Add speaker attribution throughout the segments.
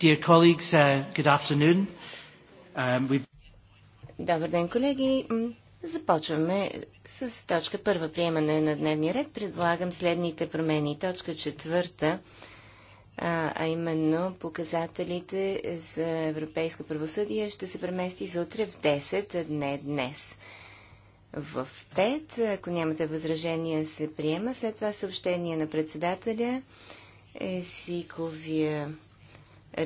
Speaker 1: Dear colleagues, uh, good afternoon. Um, we...
Speaker 2: Добър ден, колеги. Започваме с точка първа приемане на дневния ред. Предлагам следните промени. Точка четвърта, а, а именно показателите за европейско правосъдие ще се премести за утре в 10, а не днес. В 5, ако нямате възражения, се приема. След това съобщение на председателя, езиковия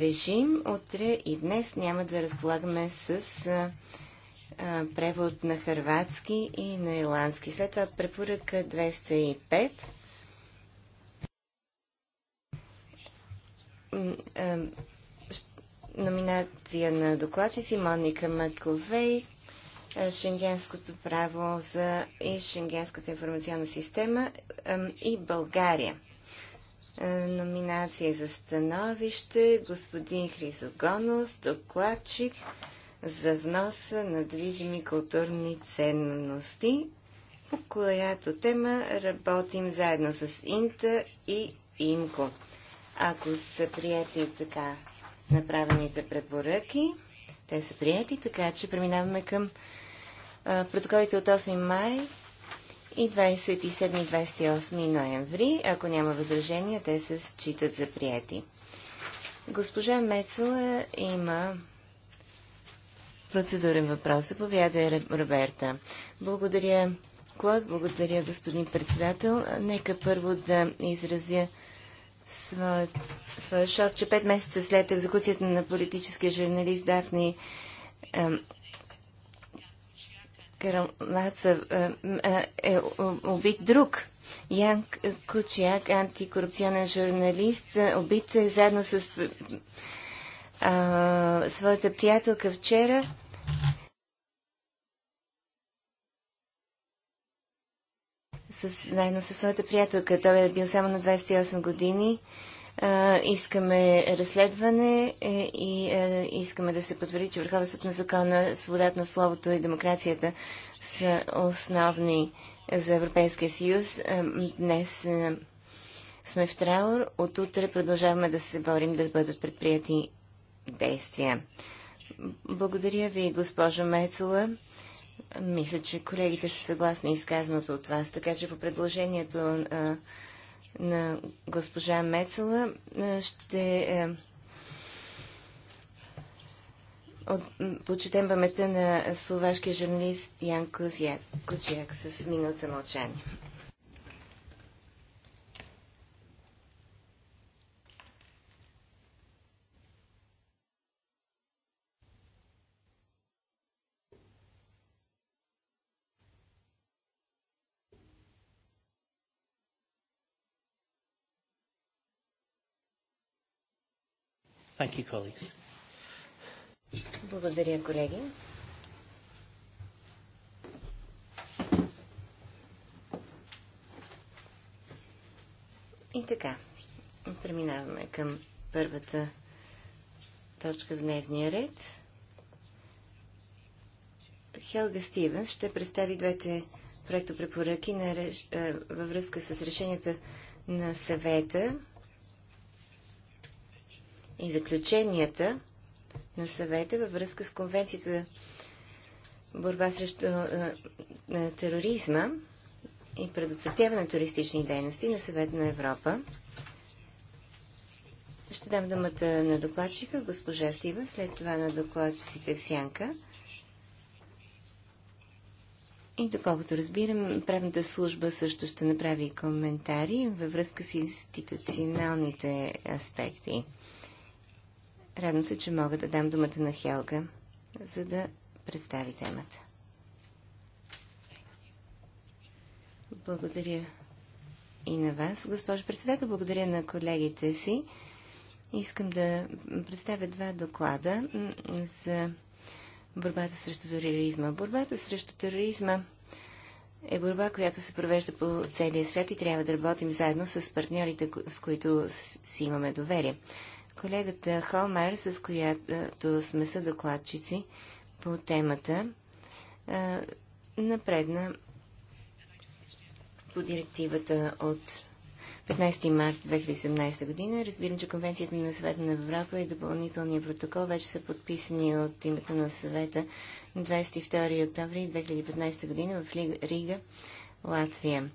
Speaker 2: режим. Утре и днес няма да разполагаме с а, а, превод на харватски и на ирландски. След това препоръка 205. номинация на докладчици Моника Маковей, Шенгенското право за и Шенгенската информационна система и България. Е, номинация за становище господин Хризогонос, докладчик за вноса на движими културни ценности, по която тема работим заедно с Инта и Имко. Ако са прияти така направените препоръки, те са прияти, така че преминаваме към протоколите от 8 май и 27 и 28 ноември. Ако няма възражения, те се считат за прияти. Госпожа Мецела има процедурен въпрос. Заповядай, Роберта. Благодаря, Клод. Благодаря, господин председател. Нека първо да изразя своя, своя шок, че пет месеца след екзекуцията на политическия журналист Дафни Карамаца е, е, е, е убит друг. Ян Кучияк, антикорупционен журналист, убит заедно с а, своята приятелка вчера. С, заедно с своята приятелка. Той е бил само на 28 години. А, искаме разследване е, и е, искаме да се потвърди, че върховенството на закона, свободата на словото и демокрацията са основни за Европейския съюз. Е, днес сме в траур. От утре продължаваме да се борим да бъдат предприяти действия. Благодаря ви, госпожо Мецела. Мисля, че колегите са съгласни изказаното от вас, така че по предложението на госпожа Мецела ще е, почетем паметта на словашкия журналист Ян Кузяк, Кочияк с минута мълчание. Thank you, colleagues. Благодаря, колеги. И така, преминаваме към първата точка в дневния ред. Хелга Стивенс ще представи двете проектопрепоръки препоръки на, е, във връзка с решенията на съвета и заключенията на съвета във връзка с Конвенцията за борба срещу е, е, тероризма и предотвратяване на туристични дейности на съвета на Европа. Ще дам думата на докладчика, госпожа Стива, след това на докладчиците в Сянка. И доколкото разбирам, правната служба също ще направи коментари във връзка с институционалните аспекти. Радвам се, че мога да дам думата на Хелга, за да представи темата. Благодаря и на вас, госпожо председател. Благодаря на колегите си. Искам да представя два доклада за борбата срещу тероризма. Борбата срещу тероризма е борба, която се провежда по целия свят и трябва да работим заедно с партньорите, с които си имаме доверие. Колегата Холмер, с която сме са докладчици по темата, напредна по директивата от 15 март 2017 година. Разбирам, че Конвенцията на Съвета на Европа и допълнителния протокол вече са подписани от името на Съвета на 22 октомври 2015 година в Рига, Латвия.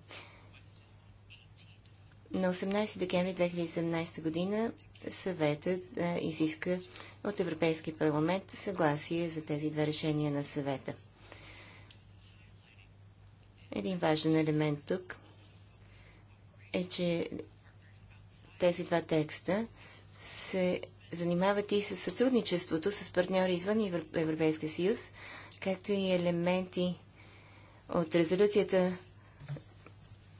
Speaker 2: На 18 декември 2017 година съветът а, изиска от Европейски парламент съгласие за тези две решения на съвета. Един важен елемент тук е, че тези два текста се занимават и с сътрудничеството с партньори извън Европейския съюз, както и елементи от резолюцията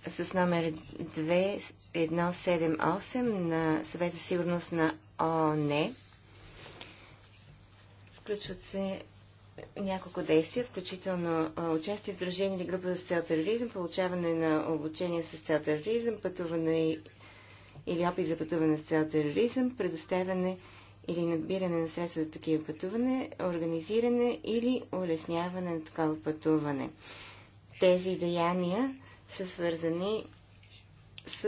Speaker 2: с номер 2178 на съвета сигурност на ООН. Включват се няколко действия, включително участие в дружение или група за цел тероризъм, получаване на обучение с цел тероризъм, пътуване или опит за пътуване с цел тероризъм, предоставяне или набиране на средства за такива пътуване, организиране или улесняване на такова пътуване. Тези деяния са свързани с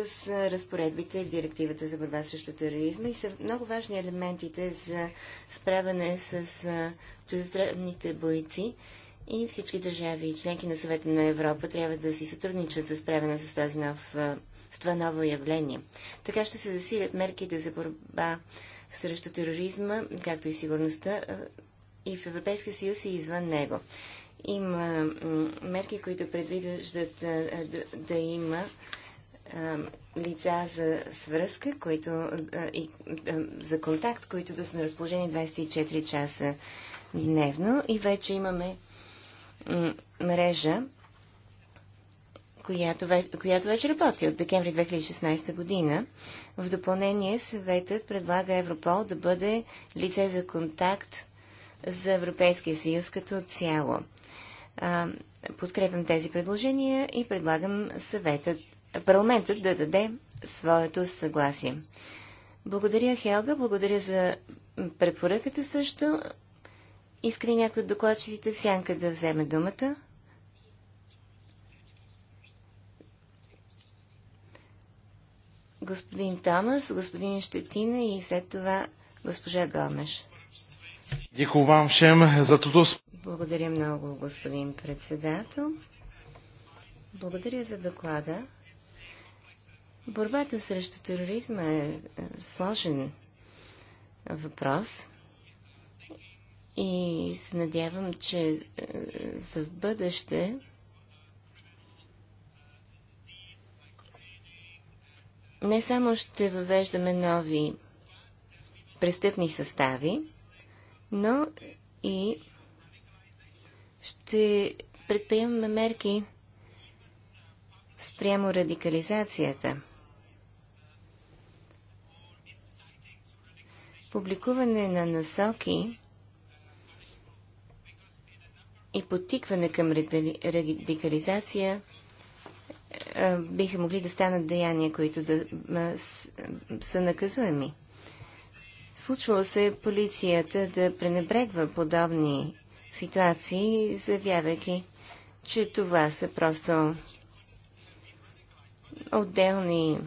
Speaker 2: разпоредбите в Директивата за борба срещу тероризма и са много важни елементите за справяне с чуждестранните бойци и всички държави и членки на съвета на Европа трябва да си сътрудничат за справяне с, този нов, с това ново явление. Така ще се засилят мерките за борба срещу тероризма, както и сигурността и в Европейския съюз и извън него. Има мерки, които предвиждат да, да, да има а, лица за свръзка, които, а, и, а, за контакт, които да са на разположение 24 часа дневно. И вече имаме мрежа, която, която вече работи от декември 2016 година. В допълнение съветът предлага Европол да бъде лице за контакт за Европейския съюз като цяло. Подкрепям тези предложения и предлагам съветът, парламентът да даде своето съгласие. Благодаря, Хелга, благодаря за препоръката също. Искали някой от докладчиците в сянка да вземе думата? Господин Томас, господин Щетина и след това госпожа Гомеш.
Speaker 3: Děkuji vám všem tuto...
Speaker 2: Благодаря много, господин председател. Благодаря за доклада. Борбата срещу тероризма е, е сложен въпрос и се надявам, че е, за в бъдеще не само ще въвеждаме нови престъпни състави, но и ще предприемаме мерки спрямо радикализацията. Публикуване на насоки и потикване към радикализация е, биха могли да станат деяния, които да са наказуеми. Случвало се полицията да пренебрегва подобни ситуации, заявявайки, че това са просто отделни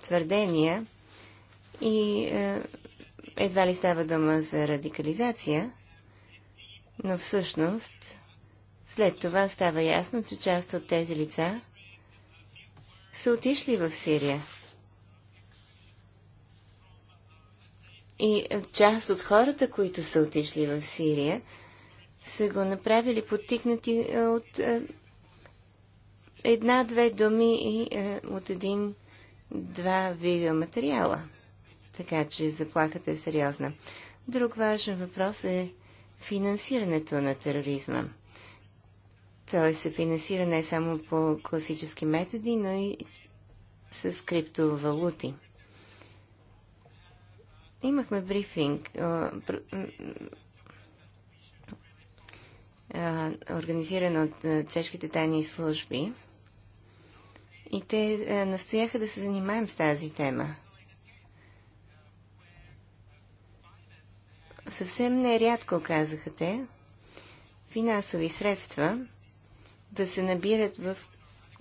Speaker 2: твърдения и е, едва ли става дума за радикализация, но всъщност след това става ясно, че част от тези лица са отишли в Сирия – И е, част от хората, които са отишли в Сирия, са го направили потикнати е, от е, една-две думи и от един-два вида материала. Така че заплахата е сериозна. Друг важен въпрос е финансирането на тероризма. Той се финансира не само по класически методи, но и с криптовалути. Имахме брифинг, е, е, организиран от е, чешките тайни служби. И те настояха да се занимаем с тази тема. Съвсем нерядко казаха те финансови средства да се набират в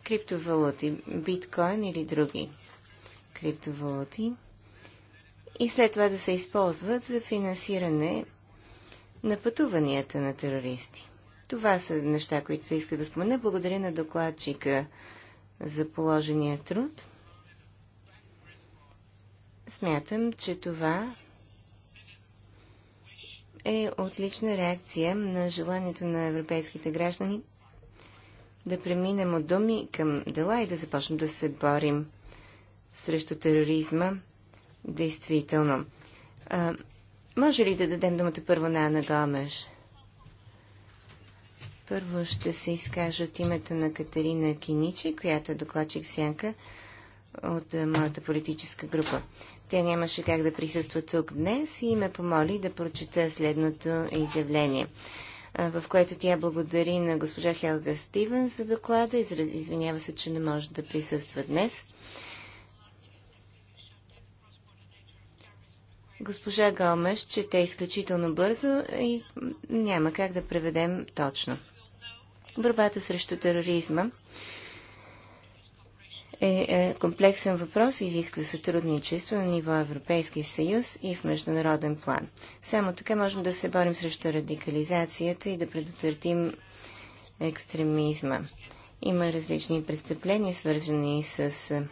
Speaker 2: криптовалути, биткоин или други криптовалути – и след това да се използват за финансиране на пътуванията на терористи. Това са неща, които иска да спомена. Благодаря на докладчика за положения труд. Смятам, че това е отлична реакция на желанието на европейските граждани да преминем от думи към дела и да започнем да се борим срещу тероризма Действително. А, може ли да дадем думата първо на Ана Гомеш? Първо ще се изкажа от името на Катерина Киничи, която е докладчик Сянка от моята политическа група. Тя нямаше как да присъства тук днес и ме помоли да прочета следното изявление, в което тя благодари на госпожа Хелга Стивенс за доклада. Извинява се, че не може да присъства днес. Госпожа Гомеш чете изключително бързо и няма как да преведем точно. Борбата срещу тероризма е, е комплексен въпрос изисква сътрудничество на ниво Европейски съюз и в международен план. Само така можем да се борим срещу радикализацията и да предотвратим екстремизма. Има различни престъпления, свързани с е,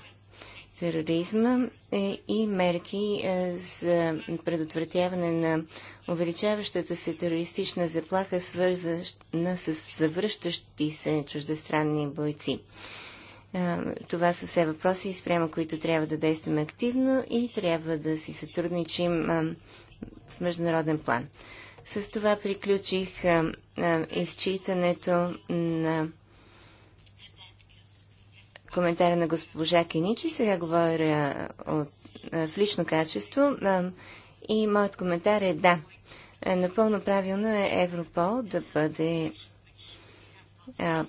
Speaker 2: тероризма е, и мерки е, за предотвратяване на увеличаващата се терористична заплаха, свързана с завръщащи се чуждестранни бойци. Е, това са все въпроси, спрямо които трябва да действаме активно и трябва да си сътрудничим в международен план. С това приключих изчитането на коментара на госпожа Кеничи. Сега говоря от, в лично качество. И моят коментар е да. Напълно правилно е Европол да бъде а,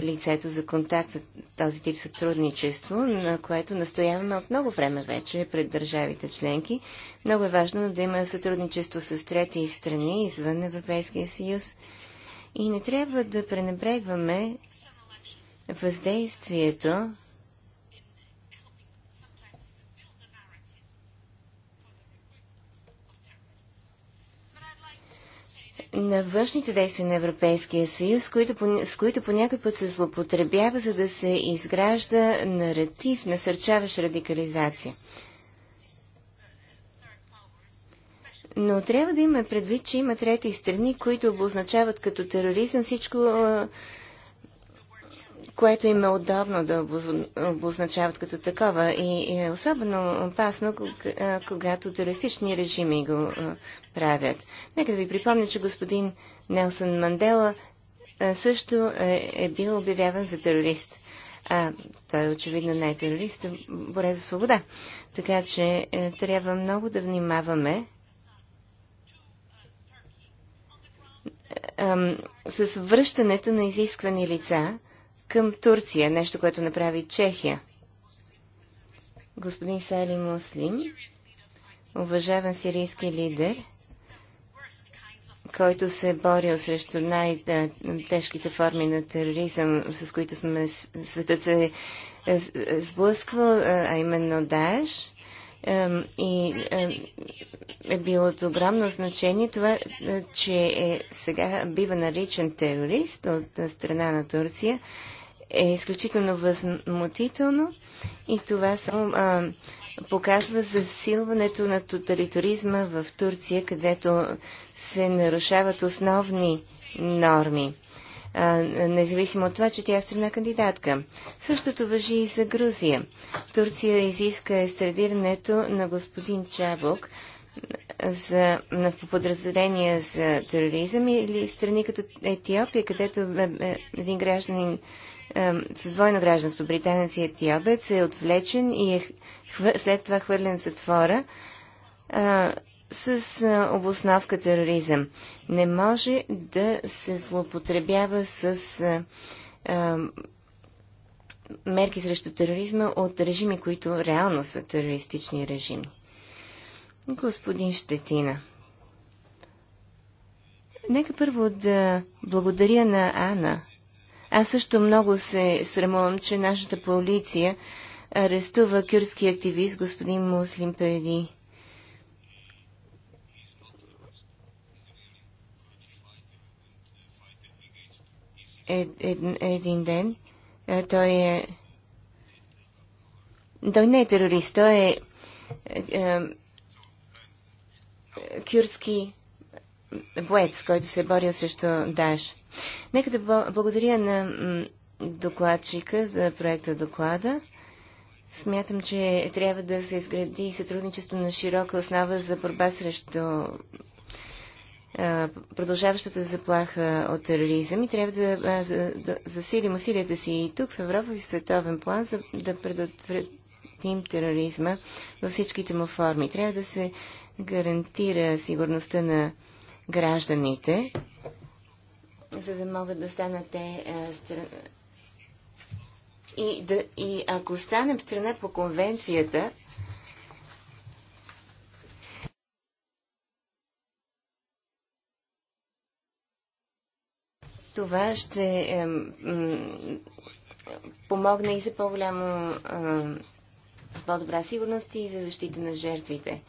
Speaker 2: лицето за контакт с този тип сътрудничество, на което настояваме от много време вече пред държавите членки. Много е важно да има сътрудничество с трети страни извън Европейския съюз. И не трябва да пренебрегваме въздействието на външните действия на Европейския съюз, с които, с които по някой път се злопотребява, за да се изгражда наратив, насърчаващ радикализация. Но трябва да има предвид, че има трети страни, които обозначават като тероризъм всичко, което им е удобно да обозначават като такова. И е особено опасно, когато терористични режими го правят. Нека да ви припомня, че господин Нелсън Мандела също е, е, бил обявяван за терорист. А той очевидно не е терорист, боре за свобода. Така че е, трябва много да внимаваме с връщането на изисквани лица към Турция, нещо, което направи Чехия. Господин Сали Муслим, уважаван сирийски лидер, който се е борил срещу най-тежките форми на тероризъм, с които сме, светът се е, е, е сблъсквал, е, а именно Даеш. И е било от огромно значение това, че е, сега бива наричан терорист от страна на Турция е изключително възмутително и това само а, показва засилването на тоталитаризма в Турция, където се нарушават основни норми. А, независимо от това, че тя е страна кандидатка. Същото въжи и за Грузия. Турция изиска естрадирането на господин Чабок за, на подразделения за тероризъм или страни като Етиопия, където е, е, един гражданин с двойно гражданство, британец и етиобец, е отвлечен и е хвър... след това хвърлен в затвора а, с обосновка тероризъм. Не може да се злоупотребява с а, а, мерки срещу тероризма от режими, които реално са терористични режими. Господин Щетина. Нека първо да благодаря на Ана аз също много се срамувам, че нашата полиция арестува кюрски активист господин Муслим преди Ед, ед, един ден. Той е... Той не е терорист, той е, е, е кюрски боец, който се е борил срещу Даш. Нека да благодаря на докладчика за проекта доклада. Смятам, че трябва да се изгради сътрудничество на широка основа за борба срещу продължаващата заплаха от тероризъм и трябва да, да, да засилим усилията си и тук в Европа и в световен план, за да предотвратим тероризма във всичките му форми. Трябва да се гарантира сигурността на гражданите, за да могат да станат те е, страна. И, да, и ако станем страна по конвенцията, това ще е, помогне и за по-голямо е, по-добра сигурност и за защита на жертвите.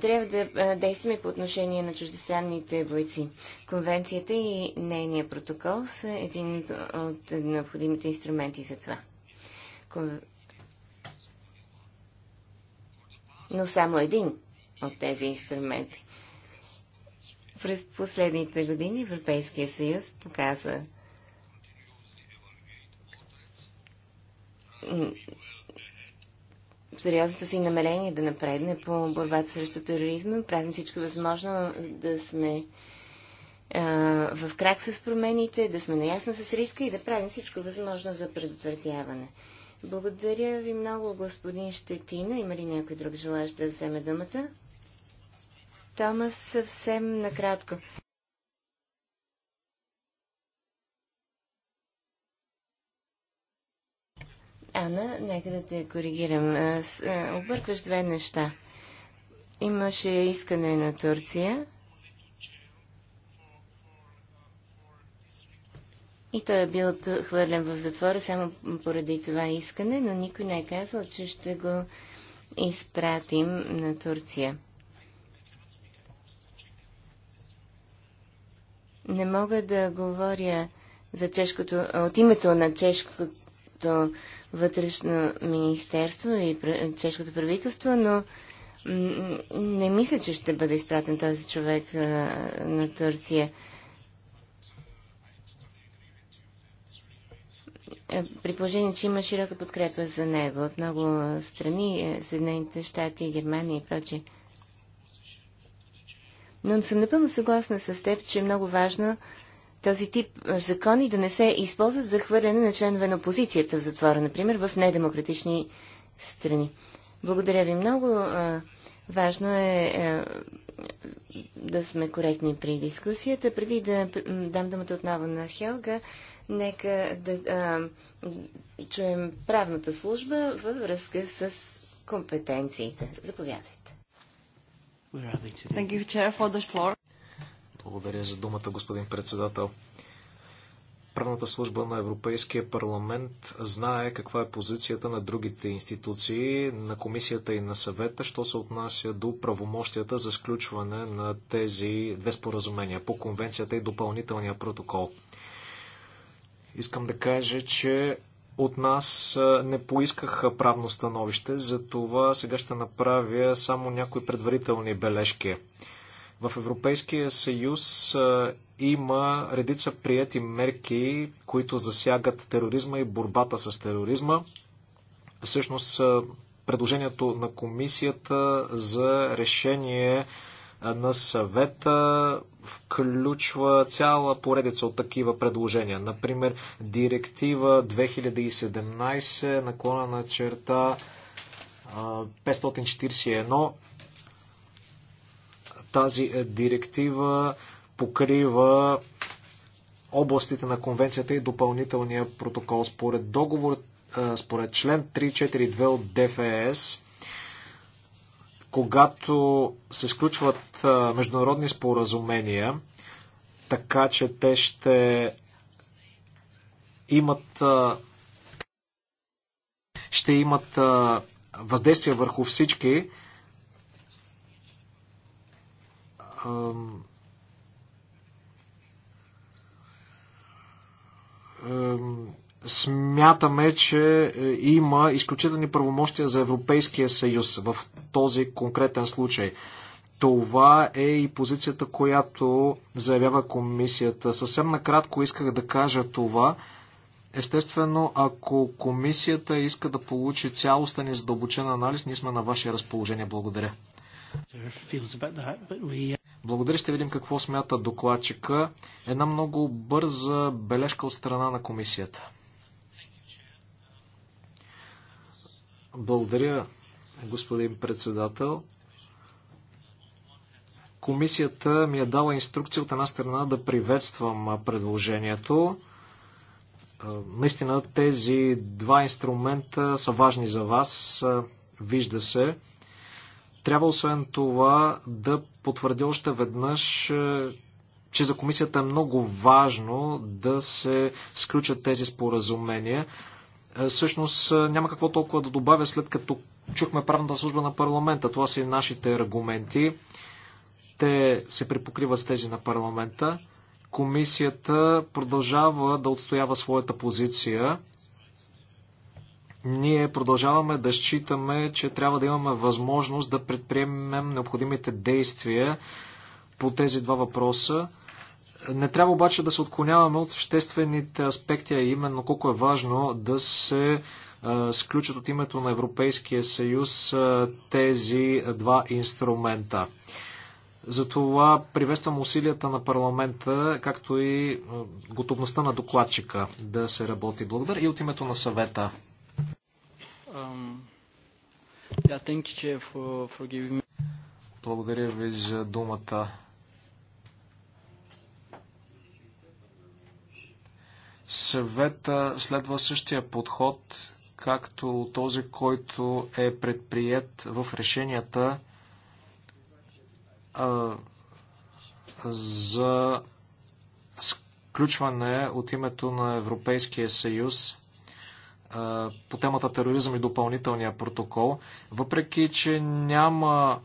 Speaker 2: Трябва да действаме по отношение на чуждестранните бойци. Конвенцията и нейния протокол са един от необходимите инструменти за това. Но само един от тези инструменти. През последните години Европейския съюз показа сериозното си намерение да напредне по борбата срещу тероризма. Правим всичко възможно да сме а, в крак с промените, да сме наясно с риска и да правим всичко възможно за предотвратяване. Благодаря ви много, господин Щетина. Има ли някой друг желаящ да вземе думата? Томас, съвсем накратко. Ана, нека да те коригирам. объркваш две неща. Имаше искане на Турция и той е бил хвърлен в затвора само поради това искане, но никой не е казал, че ще го изпратим на Турция. Не мога да говоря за чешкото, от името на чешкото чешкото вътрешно министерство и чешкото правителство, но не мисля, че ще бъде изпратен този човек на Турция. Е, при положение, че има широка подкрепа за него от много страни, е, Съединените щати, Германия и прочие. Но съм напълно съгласна с теб, че е много важно този тип е, закони да не се използват за хвърляне на членове на опозицията в затвора, например, в недемократични страни. Благодаря ви много. Важно е, е да сме коректни при дискусията. Преди да дам думата отново на Хелга, нека да а, чуем правната служба във връзка с компетенциите. Заповядайте.
Speaker 3: Благодаря за думата, господин председател. Правната служба на Европейския парламент знае каква е позицията на другите институции, на комисията и на съвета, що се отнася до правомощията за сключване на тези две споразумения по конвенцията и допълнителния протокол. Искам да кажа, че от нас не поискаха правно становище, за това сега ще направя само някои предварителни бележки. В Европейския съюз има редица прияти мерки, които засягат тероризма и борбата с тероризма. Всъщност, предложението на комисията за решение на съвета включва цяла поредица от такива предложения. Например, директива 2017 наклона на черта 541 тази е, директива покрива областите на конвенцията и допълнителния протокол. Според договор, е, според член 342 от ДФС, когато се сключват е, международни споразумения, така че те ще имат ще имат въздействие върху всички, смятаме, че е, има изключителни правомощия за Европейския съюз в този конкретен случай. Това е и позицията, която заявява комисията. Съвсем накратко исках да кажа това. Естествено, ако комисията иска да получи цялостен и задълбочен анализ, ние сме на ваше разположение. Благодаря. Благодаря, ще видим какво смята докладчика. Една много бърза бележка от страна на комисията. Благодаря, господин председател. Комисията ми е дала инструкция от една страна да приветствам предложението. Наистина тези два инструмента са важни за вас. Вижда се. Трябва освен това да потвърдя още веднъж, е, че за комисията е много важно да се сключат тези споразумения. Е, Същност, е, няма какво толкова да добавя, след като чухме правната служба на парламента. Това са и нашите аргументи. Те се припокриват с тези на парламента. Комисията продължава да отстоява своята позиция ние продължаваме да считаме, че трябва да имаме възможност да предприемем необходимите действия по тези два въпроса. Не трябва обаче да се отклоняваме от съществените аспекти, а именно колко е важно да се е, сключат от името на Европейския съюз е, тези два инструмента. Затова приветствам усилията на парламента, както и е, готовността на докладчика да се работи. Благодаря и от името на съвета. Um, yeah, thank you for, for giving me... Благодаря ви за думата. Съвета следва същия подход, както този, който е предприят в решенията а, за сключване от името на Европейския съюз по темата тероризъм и допълнителния протокол, въпреки че няма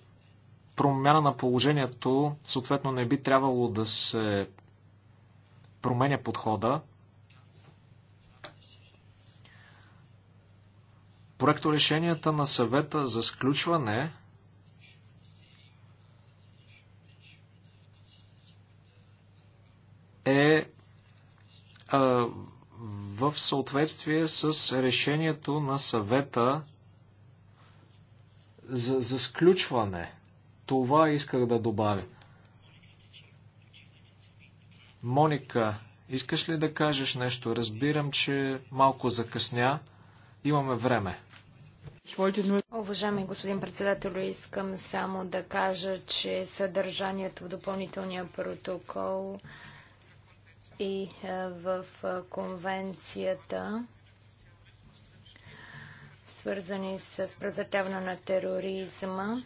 Speaker 3: промяна на положението, съответно не би трябвало да се променя подхода. Проекто решенията на съвета за сключване е в съответствие с решението на съвета за, за сключване. Това исках да добавя. Моника, искаш ли да кажеш нещо? Разбирам, че малко закъсня. Имаме време.
Speaker 1: Уважаеми господин председател, искам само да кажа, че съдържанието в допълнителния протокол и е, в е, конвенцията, свързани с предотвратяване на тероризма,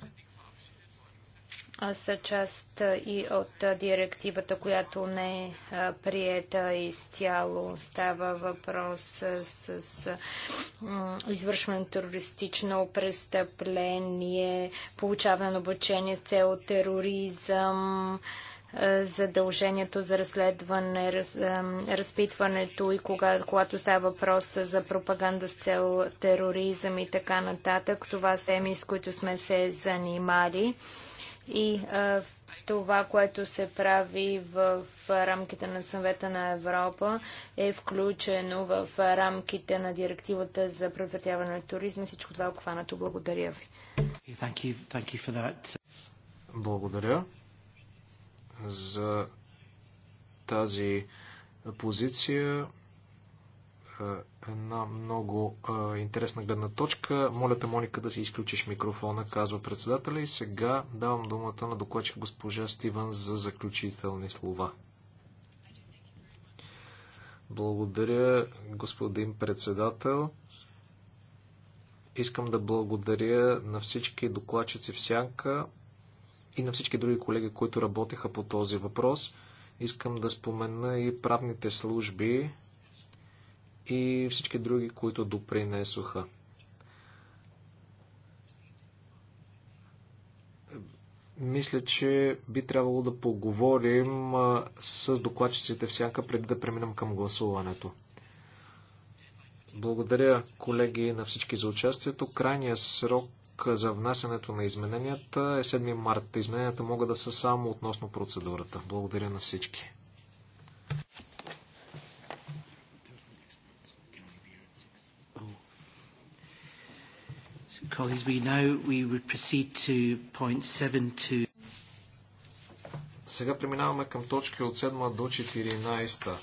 Speaker 1: са част е, и от директивата, която не е приета изцяло. Става въпрос с, с извършване на терористично престъпление, получаване на обучение с цел тероризъм, е, задължението за разследване, раз, е, разпитването и кога, когато става въпрос за пропаганда с цел тероризъм и така нататък. Това са теми, с които сме се занимали. И е, това, което се прави в, рамките на съвета на Европа, е включено в рамките на директивата за предотвратяване на туризма. Всичко това е обхванато. Благодаря ви.
Speaker 3: Благодаря за тази позиция. Е, една много е, интересна гледна точка. Моля те, Моника, да си изключиш микрофона, казва председателя. И сега давам думата на докладчик госпожа Стивън за заключителни слова. Благодаря, господин председател. Искам да благодаря на всички докладчици в Сянка и на всички други колеги, които работеха по този въпрос. Искам да спомена и правните служби и всички други, които допринесоха. мисля, че би трябвало да поговорим с докладчиците всяка преди да преминем към гласуването. Благодаря, колеги, на всички за участието. Крайният срок за внасянето на измененията е 7 марта. Измененията могат да са само относно процедурата. Благодаря на всички. Сега преминаваме към точки от 7 до 14.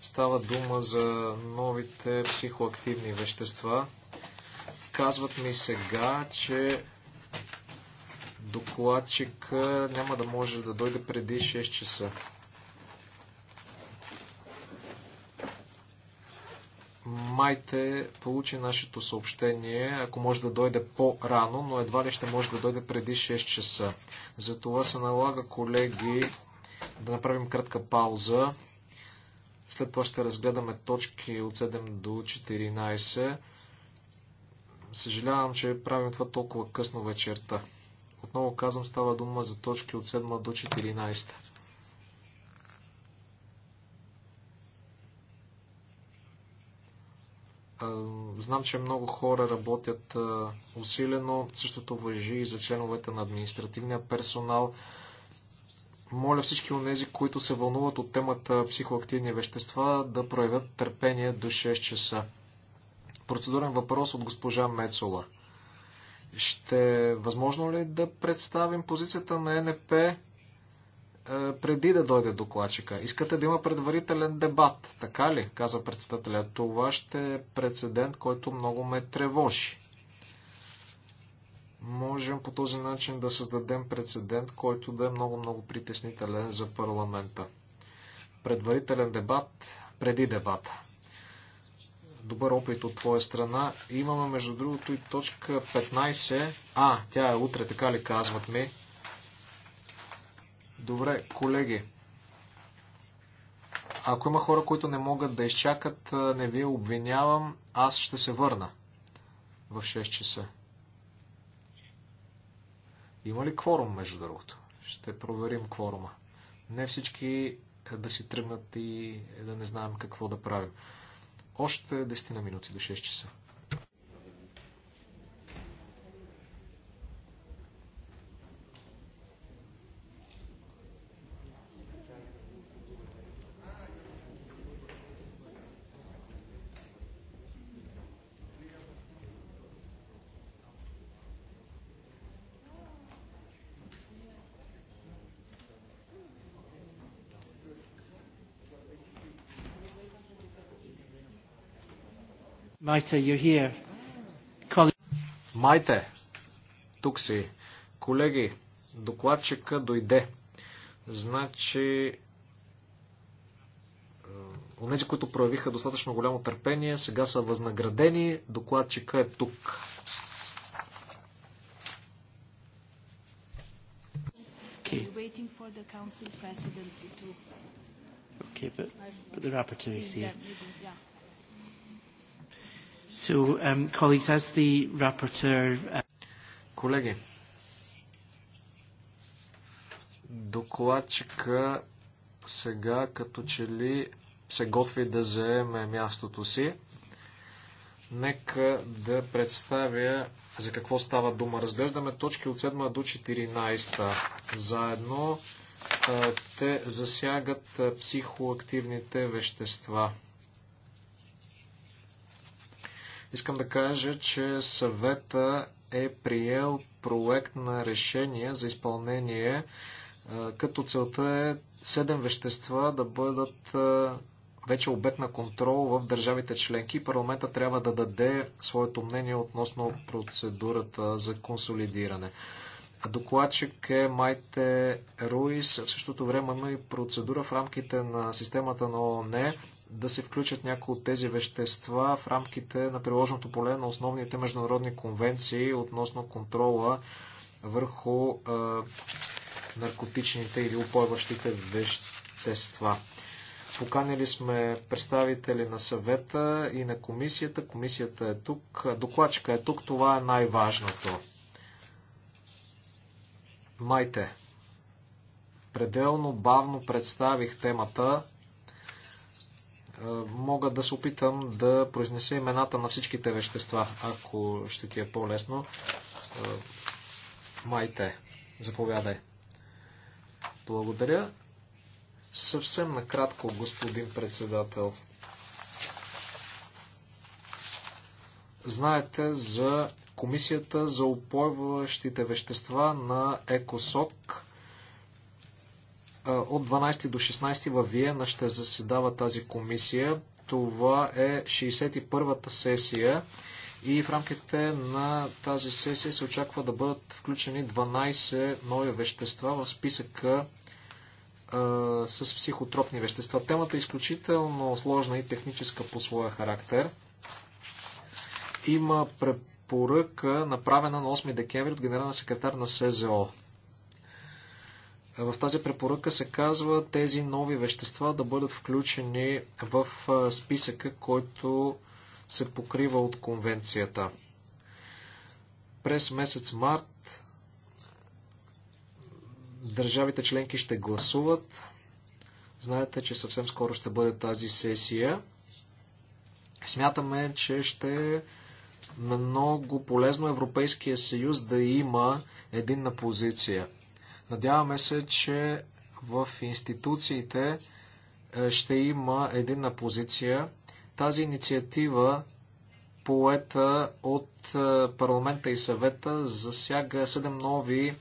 Speaker 3: Става дума за новите психоактивни вещества. Казват ми сега, че докладчик няма да може да дойде преди 6 часа. Майте получи нашето съобщение, ако може да дойде по-рано, но едва ли ще може да дойде преди 6 часа. Затова се налага, колеги, да направим кратка пауза. След това ще разгледаме точки от 7 до 14. Съжалявам, че правим това толкова късно вечерта. Отново казвам, става дума за точки от 7 до 14. Знам, че много хора работят усилено. Същото въжи и за членовете на административния персонал. Моля всички от тези, които се вълнуват от темата психоактивни вещества, да проявят търпение до 6 часа. Процедурен въпрос от госпожа Мецола. Ще възможно ли да представим позицията на НП е, преди да дойде докладчика? Искате да има предварителен дебат, така ли? Каза председателя. Това ще е прецедент, който много ме тревожи. Можем по този начин да създадем прецедент, който да е много-много притеснителен за парламента. Предварителен дебат преди дебата добър опит от твоя страна. Имаме, между другото, и точка 15. А, тя е утре, така ли казват ми? Добре, колеги. Ако има хора, които не могат да изчакат, не ви обвинявам. Аз ще се върна в 6 часа. Има ли кворум, между другото? Ще проверим кворума. Не всички да си тръгнат и да не знаем какво да правим. Още 10 на минути до 6 часа. Майте, you're here. Майте, тук си. Колеги, докладчика дойде. Значи, е, Онези, които проявиха достатъчно голямо търпение, сега са възнаградени. Докладчика е тук. Okay. Okay, but, but So, um, colleagues, as the rapporteur... Uh, Колеги, докладчика сега като че ли се готви да заеме мястото си. Нека да представя за какво става дума. Разглеждаме точки от 7 до 14 заедно. Те засягат психоактивните вещества. Искам да кажа, че съвета е приел проект на решение за изпълнение, като целта е 7 вещества да бъдат вече обект на контрол в държавите членки. Парламента трябва да даде своето мнение относно процедурата за консолидиране. Докладчик е Майте Руис. В същото време има и процедура в рамките на системата на ООН да се включат някои от тези вещества в рамките на приложното поле на основните международни конвенции относно контрола върху а, наркотичните или упойващите вещества. Поканили сме представители на съвета и на комисията. Комисията е тук, докладчика е тук. Това е най-важното. Майте, пределно бавно представих темата е, мога да се опитам да произнеса имената на всичките вещества, ако ще ти е по-лесно. Е, Майте, заповядай. Благодаря. Съвсем накратко, господин председател. Знаете за Комисията за упойващите вещества на ЕКОСОК – от 12 до 16 във Виена ще заседава тази комисия. Това е 61-та сесия и в рамките на тази сесия се очаква да бъдат включени 12 нови вещества в списъка с психотропни вещества. Темата е изключително сложна и техническа по своя характер. Има препоръка, направена на 8 декември от генерална секретар на СЗО. В тази препоръка се казва тези нови вещества да бъдат включени в списъка, който се покрива от конвенцията. През месец март държавите членки ще гласуват. Знаете, че съвсем скоро ще бъде тази сесия. Смятаме, че ще е много полезно Европейския съюз да има единна позиция Надяваме се, че в институциите е, ще има единна позиция. Тази инициатива поета от е, парламента и съвета засяга седем нови е,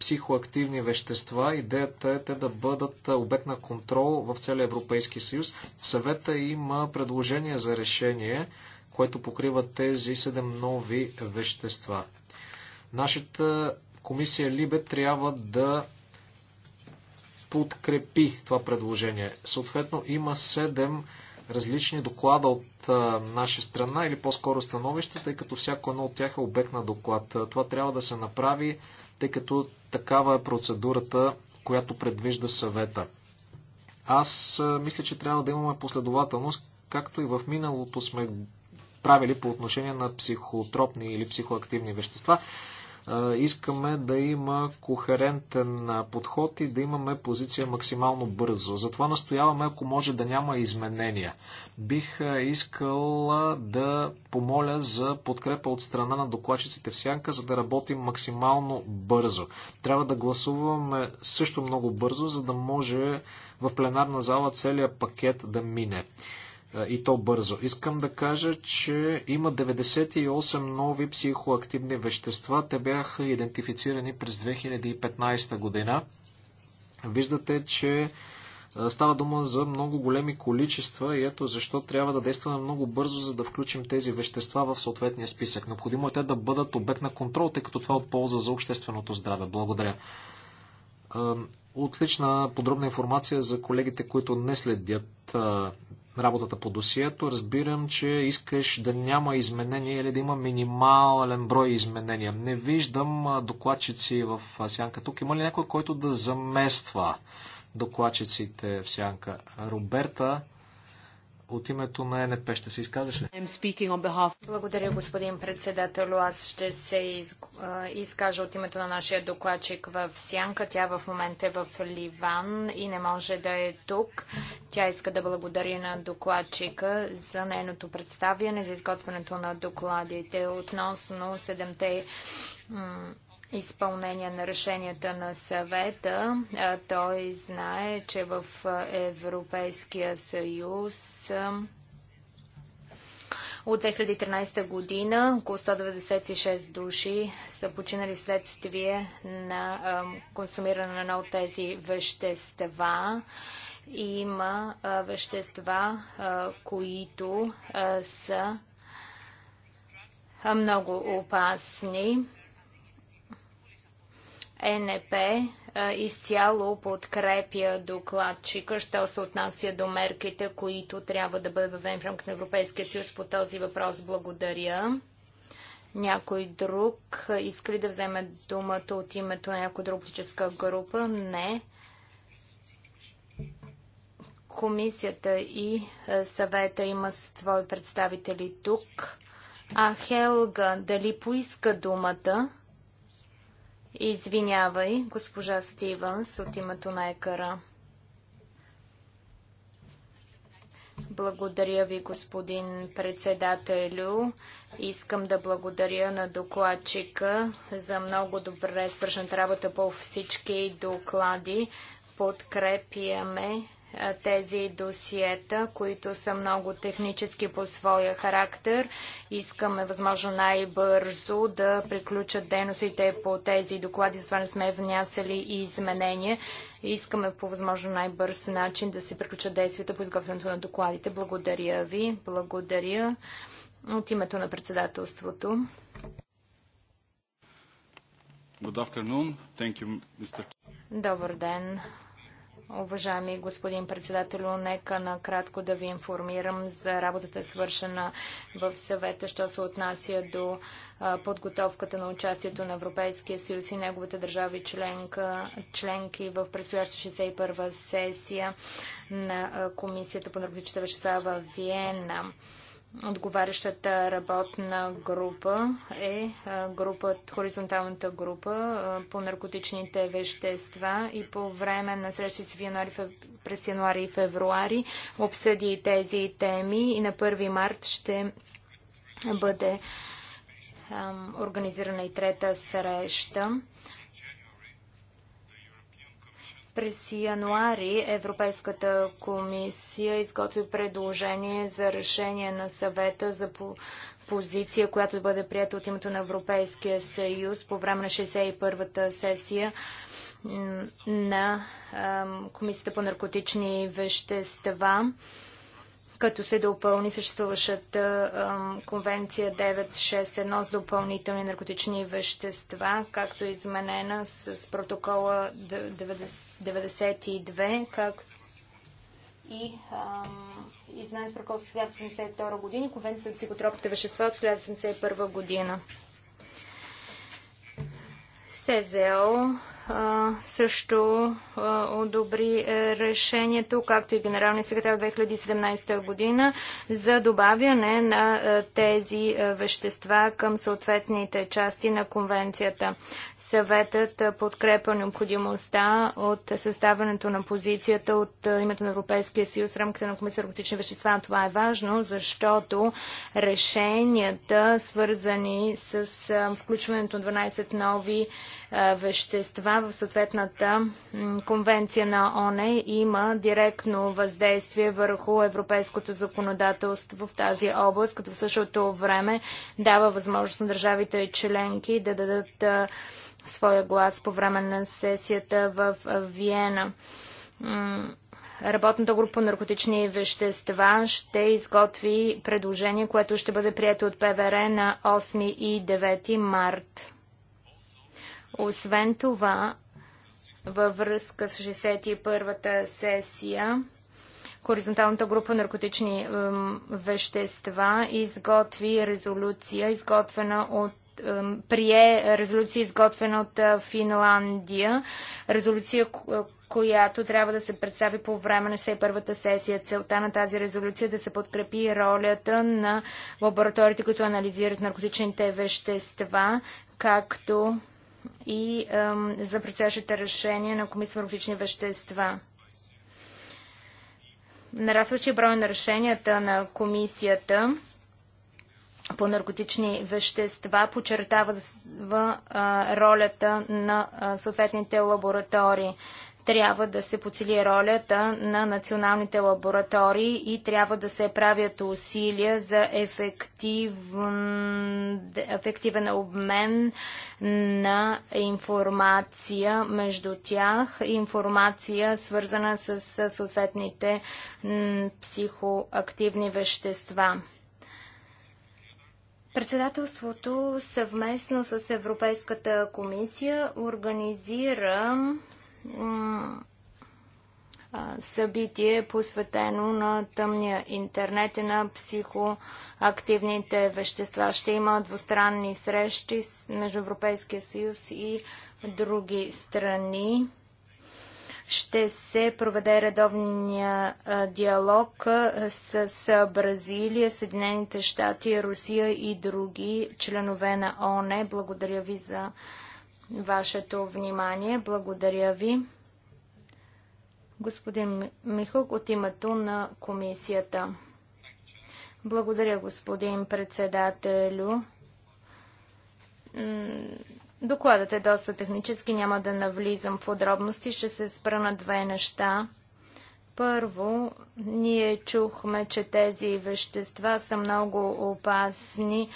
Speaker 3: психоактивни вещества. Идеята е те да бъдат обект на контрол в целия Европейски съюз. В съвета има предложение за решение, което покрива тези седем нови вещества. Нашата комисия Либе трябва да подкрепи това предложение. Съответно, има 7 различни доклада от наша страна или по-скоро становища, тъй като всяко едно от тях е обект на доклад. Това трябва да се направи, тъй като такава е процедурата, която предвижда съвета. Аз мисля, че трябва да имаме последователност, както и в миналото сме правили по отношение на психотропни или психоактивни вещества искаме да има кохерентен подход и да имаме позиция максимално бързо. Затова настояваме, ако може да няма изменения. Бих искал да помоля за подкрепа от страна на докладчиците в Сянка, за да работим максимално бързо. Трябва да гласуваме също много бързо, за да може в пленарна зала целият пакет да мине. Е, и то бързо. Искам да кажа, че има 98 нови психоактивни вещества. Те бяха идентифицирани през 2015 година. Виждате, че е, става дума за много големи количества и ето защо трябва да действаме много бързо, за да включим тези вещества в съответния списък. Необходимо е те да бъдат обект на контрол, тъй като това е от полза за общественото здраве. Благодаря. Е, отлична подробна информация за колегите, които не следят работата по досието. Разбирам, че искаш да няма изменения или да има минимален брой изменения. Не виждам докладчици в сянка. Тук има ли някой, който да замества докладчиците в сянка? Роберта, от името на ЕНП ще се изказваш ли?
Speaker 1: Благодаря, господин председател. Аз ще се изкажа от името на нашия докладчик в Сянка. Тя в момента е в Ливан и не може да е тук. Тя иска да благодари на докладчика за нейното представяне, за изготвянето на докладите относно седемте изпълнение на решенията на съвета. Той знае, че в Европейския съюз от 2013 година около 196 души са починали следствие на консумиране на от тези вещества. Има вещества, които са много опасни. ЕНП изцяло подкрепя докладчика, що се отнася до мерките, които трябва да бъдат въведени в рамките на Европейския съюз по този въпрос. Благодаря. Някой друг иска ли да вземе думата от името на някоя друга политическа група? Не. Комисията и съвета има свои представители тук. А Хелга, дали поиска думата? Извинявай, госпожа Стивенс от името на екара. Благодаря ви, господин председателю. Искам да благодаря на докладчика за много добре свършената работа по всички доклади. Подкрепяме тези досиета, които са много технически по своя характер. Искаме възможно най-бързо да приключат дейностите по тези доклади, затова не сме внясали и изменения. Искаме по възможно най-бърз начин да се приключат действията по изготвянето на докладите. Благодаря ви. Благодаря от името на председателството.
Speaker 3: Good afternoon. Thank you, Mr.
Speaker 1: Добър ден, Уважаеми господин председател, нека накратко да ви информирам за работата свършена в съвета, що се отнася до подготовката на участието на Европейския съюз и неговите държави членка, членки в предстояща 61-а сесия на Комисията по наркотичните вещества в Виена. Отговарящата работна група е група, хоризонталната група по наркотичните вещества и по време на срещи с януари, през януари и февруари обсъди тези теми и на 1 март ще бъде организирана и трета среща. През януари Европейската комисия изготви предложение за решение на съвета за позиция, която да бъде прията от името на Европейския съюз по време на 61-та сесия на Комисията по наркотични вещества като се допълни съществуващата конвенция 961 с допълнителни наркотични вещества, както е изменена с протокола 92, как и е, изменен с протокол от 1972 година и конвенция за психотропните вещества от 1971 година. СЗО е също одобри е, решението, както и генералния секретар 2017 година, за добавяне на тези вещества към съответните части на конвенцията. Съветът подкрепа необходимостта от съставянето на позицията от името на Европейския съюз в рамките на Комисия наркотични вещества. Това е важно, защото решенията, свързани с включването на 12 нови вещества, в съответната конвенция на ОНЕ има директно въздействие върху европейското законодателство в тази област, като в същото време дава възможност на държавите членки да дадат своя глас по време на сесията в Виена. Работната група наркотични вещества ще изготви предложение, което ще бъде прието от ПВР на 8 и 9 март. Освен това, във връзка с 61-та сесия, хоризонталната група наркотични вещества изготви резолюция, изготвена от прие резолюция, изготвена от е, Финландия. Резолюция, е, която трябва да се представи по време на 61-та сесия. Целта на тази резолюция е да се подкрепи ролята на лабораториите, които анализират наркотичните вещества, както и за предстоящите решения на Комисия по различни вещества. Нарастващия брой на решенията на комисията по наркотични вещества подчертава ролята на съответните лаборатории трябва да се подсили ролята на националните лаборатории и трябва да се правят усилия за ефективен, ефективен обмен на информация между тях, информация свързана с съответните психоактивни вещества. Председателството съвместно с Европейската комисия организира събитие, посветено на тъмния интернет и на психоактивните вещества. Ще има двустранни срещи между Европейския съюз и други страни. Ще се проведе редовния диалог с, с Бразилия, Съединените щати, Русия и други членове на ОНЕ. Благодаря ви за вашето внимание. Благодаря ви. Господин Михок, от името на комисията. Благодаря, господин председателю. Докладът е доста технически, няма да навлизам в подробности. Ще се спра на две неща. Първо, ние чухме, че тези вещества са много опасни,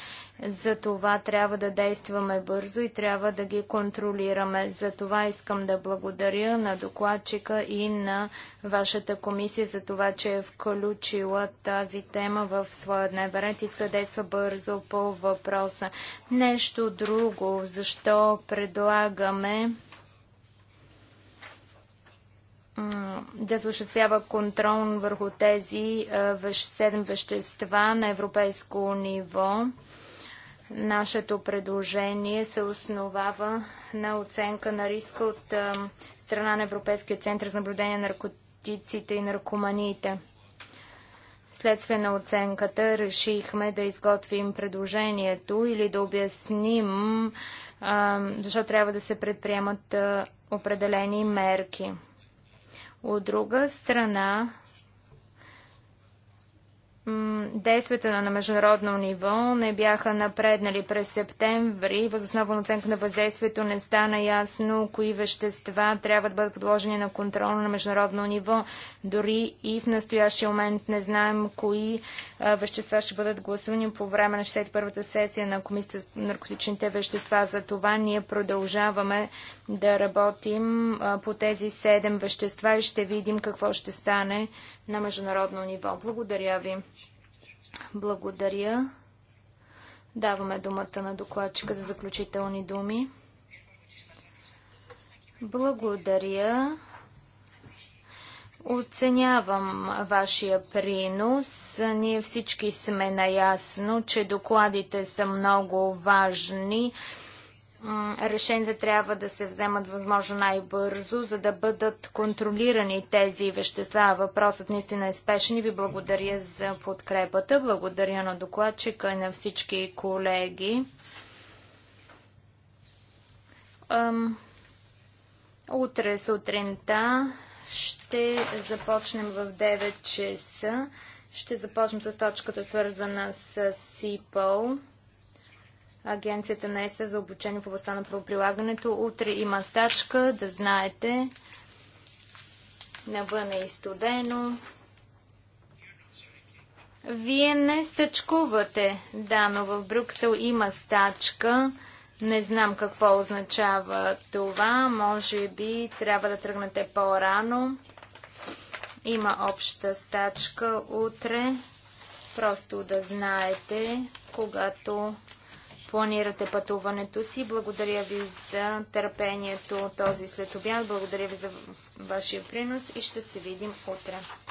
Speaker 1: за това трябва да действаме бързо и трябва да ги контролираме. За това искам да благодаря на докладчика и на вашата комисия за това, че е включила тази тема в своя дневен ред. Иска да действа бързо по въпроса. Нещо друго, защо предлагаме да осъществява контрол върху тези седем вещества на европейско ниво. Нашето предложение се основава на оценка на риска от страна на Европейския център за наблюдение на наркотиците и наркоманиите. Следствие на оценката решихме да изготвим предложението или да обясним защо трябва да се предприемат определени мерки. От друга страна, действията на международно ниво не бяха напреднали през септември. Възоснова на оценка на въздействието не стана ясно кои вещества трябва да бъдат подложени на контрол на международно ниво. Дори и в настоящия момент не знаем кои вещества ще бъдат гласувани по време на 61-та сесия на Комисията на наркотичните вещества. За това ние продължаваме да работим по тези 7 вещества и ще видим какво ще стане на международно ниво. Благодаря ви. Благодаря. Даваме думата на докладчика за заключителни думи. Благодаря. Оценявам вашия принос. Ние всички сме наясно, че докладите са много важни решенията трябва да се вземат възможно най-бързо, за да бъдат контролирани тези вещества. Въпросът наистина е спешен и ви благодаря за подкрепата. Благодаря на докладчика и на всички колеги. Утре сутринта ще започнем в 9 часа. Ще започнем с точката свързана с СИПЛ. Агенцията на ЕСА е за обучение в областта на правоприлагането. Утре има стачка, да знаете. Навън е и студено. Вие не стачкувате, да, но в Брюксел има стачка. Не знам какво означава това. Може би трябва да тръгнете по-рано. Има обща стачка утре. Просто да знаете, когато планирате пътуването си. Благодаря ви за търпението този след обяд. Благодаря ви за вашия принос и ще се видим утре.